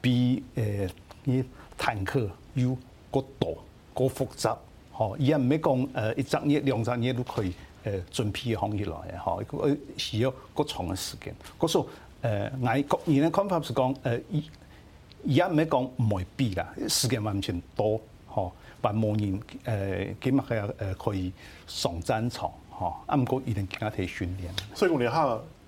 比誒啲、呃、坦克又過多、過複雜吼！而家唔係講，誒 一隻嘢、兩隻嘢都可以誒準備嘅方式來嘅，吼！佢需要過長嘅時間。嗰時誒，外國而家看法是講誒，而家唔係講，唔會比啦，時間完全多，吼、哦！話模擬誒幾乜嘢誒可以上戰場，吼、啊！咁嗰一定要加啲訓練。所以講你好。嗯